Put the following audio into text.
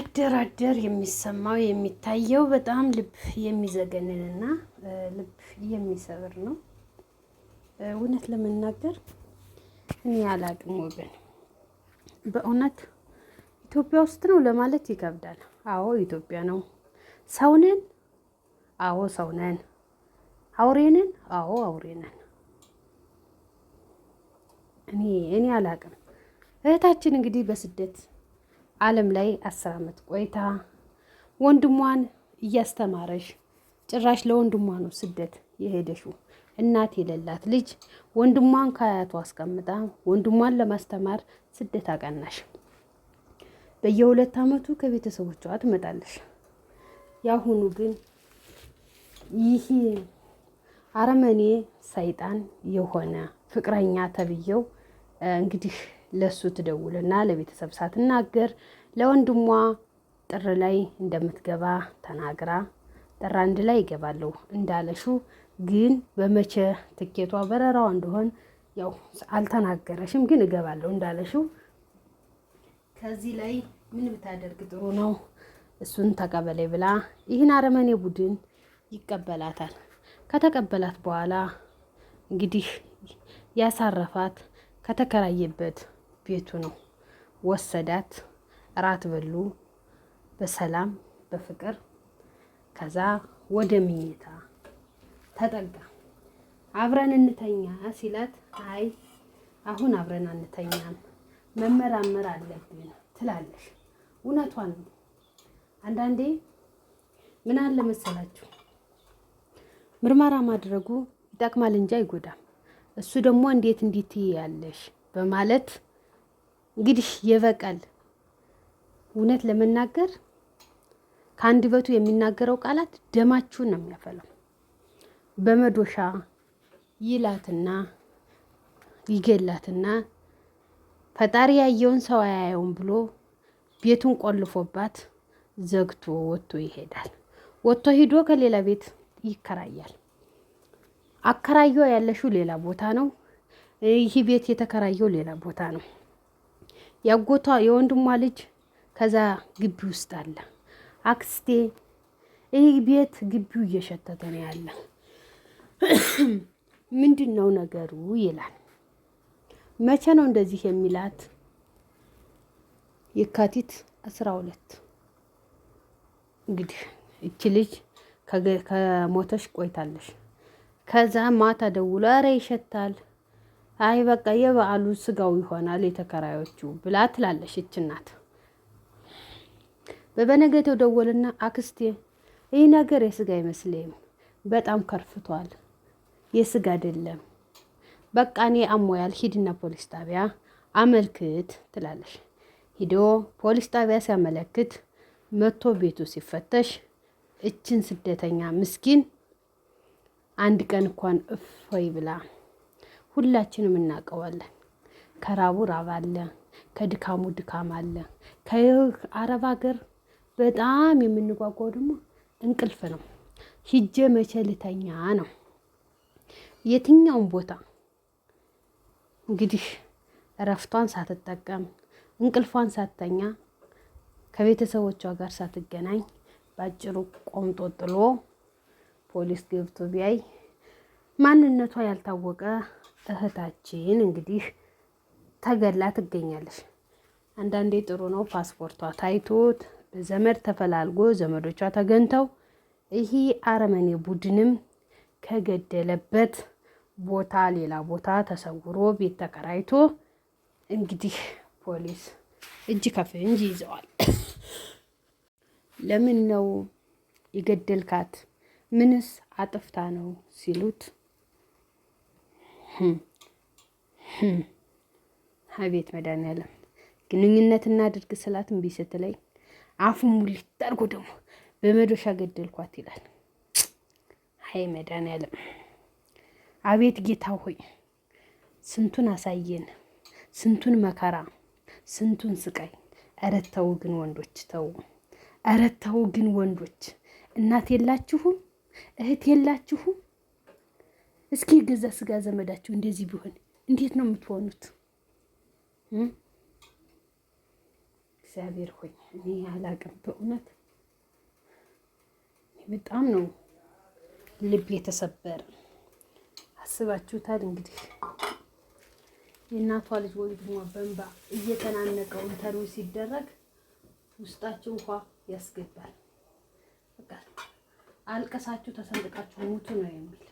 ሲያደራደር የሚሰማው የሚታየው በጣም ልብ የሚዘገንንና ልብ የሚሰብር ነው። እውነት ለመናገር እኔ አላቅም ወገን፣ በእውነት ኢትዮጵያ ውስጥ ነው ለማለት ይከብዳል። አዎ ኢትዮጵያ ነው። ሰውነን? አዎ ሰውነን። አውሬንን? አዎ አውሬንን። እኔ እኔ አላቅም እህታችን እንግዲህ በስደት ዓለም ላይ አስር ዓመት ቆይታ ወንድሟን እያስተማረሽ ጭራሽ ለወንድሟ ነው ስደት የሄደሽው። እናት የሌላት ልጅ ወንድሟን ከአያቱ አስቀምጣ ወንድሟን ለማስተማር ስደት አቀናሽ። በየሁለት ዓመቱ ከቤተሰቦቿ ትመጣለሽ። ያሁኑ ግን ይህ አረመኔ ሰይጣን የሆነ ፍቅረኛ ተብዬው እንግዲህ ለሱ ትደውልና ለቤተሰብ ሳትናገር ለወንድሟ ጥር ላይ እንደምትገባ ተናግራ ጥር አንድ ላይ ይገባለሁ እንዳለሹ ግን በመቼ ትኬቷ በረራዋ እንደሆን ያው አልተናገረሽም፣ ግን እገባለሁ እንዳለሽው ከዚህ ላይ ምን ብታደርግ ጥሩ ነው? እሱን ተቀበሌ ብላ ይህን አረመኔ ቡድን ይቀበላታል። ከተቀበላት በኋላ እንግዲህ ያሳረፋት ከተከራየበት ቤቱ ነው። ወሰዳት፣ እራት በሉ በሰላም በፍቅር። ከዛ ወደ ምኝታ ተጠጋ። አብረን እንተኛ ሲላት አይ አሁን አብረን አንተኛም መመራመር አለብን ትላለሽ። እውነቷን ነው። አንዳንዴ ምን አለ መሰላችሁ ምርመራ ማድረጉ ይጠቅማል እንጂ አይጎዳም። እሱ ደግሞ እንዴት እንዲት ያለሽ በማለት እንግዲህ የበቀል እውነት ለመናገር ከአንደበቱ የሚናገረው ቃላት ደማችሁን ነው የሚያፈለው። በመዶሻ ይላትና ይገላትና ፈጣሪ ያየውን ሰው አያየውን ብሎ ቤቱን ቆልፎባት ዘግቶ ወጥቶ ይሄዳል። ወጥቶ ሂዶ ከሌላ ቤት ይከራያል። አከራዩ ያለሽው ሌላ ቦታ ነው። ይህ ቤት የተከራየው ሌላ ቦታ ነው። ያጎቷ የወንድሟ ልጅ ከዛ ግቢ ውስጥ አለ። አክስቴ ይህ ቤት ግቢው እየሸተተ ነው ያለ ምንድን ነው ነገሩ ይላል። መቼ ነው እንደዚህ የሚላት? የካቲት አስራ ሁለት እንግዲህ እቺ ልጅ ከሞተች ቆይታለች። ከዛ ማታ ደውሎ ኧረ ይሸታል አይ በቃ የበዓሉ ስጋው ይሆናል የተከራዮቹ ብላ ትላለች ይች እናት። በበነገተው ደወልና አክስቴ ይህ ነገር የስጋ አይመስልም፣ በጣም ከርፍቷል፣ የስጋ አይደለም። በቃ እኔ አሞያል፣ ሂድና ፖሊስ ጣቢያ አመልክት ትላለች። ሂዶ ፖሊስ ጣቢያ ሲያመለክት መቶ ቤቱ ሲፈተሽ እችን ስደተኛ ምስኪን አንድ ቀን እንኳን እፎይ ብላ ሁላችንም እናውቀዋለን። ከራቡ ራብ አለ፣ ከድካሙ ድካም አለ። አረብ ሀገር በጣም የምንጓጓው ደግሞ እንቅልፍ ነው። ሂጄ መቼ ልተኛ ነው የትኛውን ቦታ እንግዲህ እረፍቷን ሳትጠቀም እንቅልፏን ሳትተኛ ከቤተሰቦቿ ጋር ሳትገናኝ በአጭሩ ቆምጦ ጥሎ ፖሊስ ገብቶ ቢያይ ማንነቷ ያልታወቀ እህታችን እንግዲህ ተገላ ትገኛለች። አንዳንዴ ጥሩ ነው ፓስፖርቷ ታይቶት በዘመድ ተፈላልጎ ዘመዶቿ ተገንተው ይሄ አረመኔ ቡድንም ከገደለበት ቦታ ሌላ ቦታ ተሰውሮ ቤት ተከራይቶ እንግዲህ ፖሊስ እጅ ከፍንጅ ይዘዋል። ለምን ነው የገደልካት? ምንስ አጥፍታ ነው ሲሉት አቤት መድኃኒዓለም ግንኙነት እናድርግ ስላት እምቢ ስትለኝ አፉን ሙሊት አድርጎ ደግሞ በመዶሻ ገደልኳት ይላል። አይ መድኃኒዓለም አቤት ጌታ ሆይ ስንቱን አሳየን፣ ስንቱን መከራ፣ ስንቱን ስቃይ። ኧረ ግን ወንዶች ተው፣ ኧረ ግን ወንዶች። እናት የላችሁም፣ እህት የላችሁም። እስኪ የገዛ ስጋ ዘመዳችሁ እንደዚህ ቢሆን እንዴት ነው የምትሆኑት? እግዚአብሔር ሆይ እኔ አላቅም። በእውነት በጣም ነው ልብ የተሰበረ አስባችሁታል። እንግዲህ የእናቷ ልጅ ወንድሟ በእንባ እየተናነቀው ኢንተርቪው ሲደረግ ውስጣችሁ እንኳ ያስገባል። በቃ አልቀሳችሁ ተሰንጥቃችሁ ሙቱ ነው የሚል